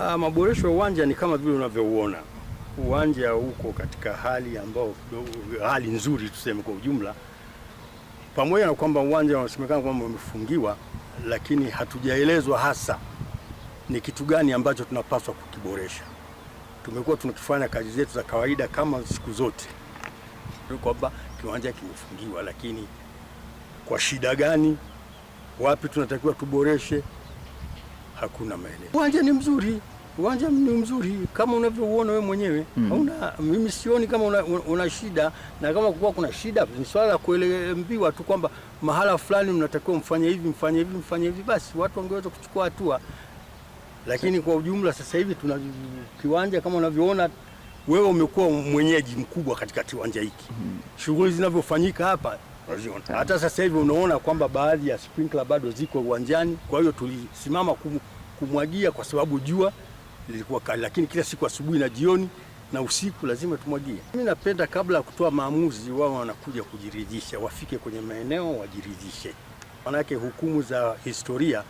Ah, maboresho ya uwanja ni kama vile unavyouona uwanja uko katika hali ambayo hali nzuri tuseme kwa ujumla, pamoja na kwamba uwanja unasemekana kwamba umefungiwa, lakini hatujaelezwa hasa ni kitu gani ambacho tunapaswa kukiboresha. Tumekuwa tunakifanya kazi zetu za kawaida kama siku zote, kwamba kiwanja kimefungiwa, lakini kwa shida gani, wapi tunatakiwa tuboreshe hakuna maelezo. Uwanja ni mzuri, uwanja ni mzuri kama unavyouona wewe mwenyewe mm. Hauna, mimi sioni kama una, una shida, na kama kuwa kuna shida ni swala la kuelewa tu kwamba mahala fulani mnatakiwa mfanye hivi mfanye hivi mfanye hivi, basi watu wangeweza kuchukua hatua, lakini kwa ujumla sasa hivi tuna kiwanja kama unavyoona wewe, umekuwa mwenyeji mkubwa katika kiwanja hiki mm. Shughuli zinavyofanyika hapa hata sasa hivi unaona kwamba baadhi ya sprinkler bado ziko uwanjani, kwa hiyo tulisimama kumwagia kwa sababu jua lilikuwa kali, lakini kila siku asubuhi na jioni na usiku lazima tumwagie. Mimi napenda kabla ya kutoa maamuzi, wao wanakuja kujiridhisha, wafike kwenye maeneo wajiridhishe, manake hukumu za historia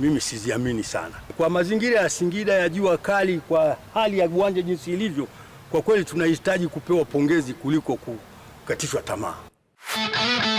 mimi siziamini sana. Kwa mazingira ya Singida ya jua kali, kwa hali ya uwanja jinsi ilivyo, kwa kweli tunahitaji kupewa pongezi kuliko kukatishwa tamaa. Thank you.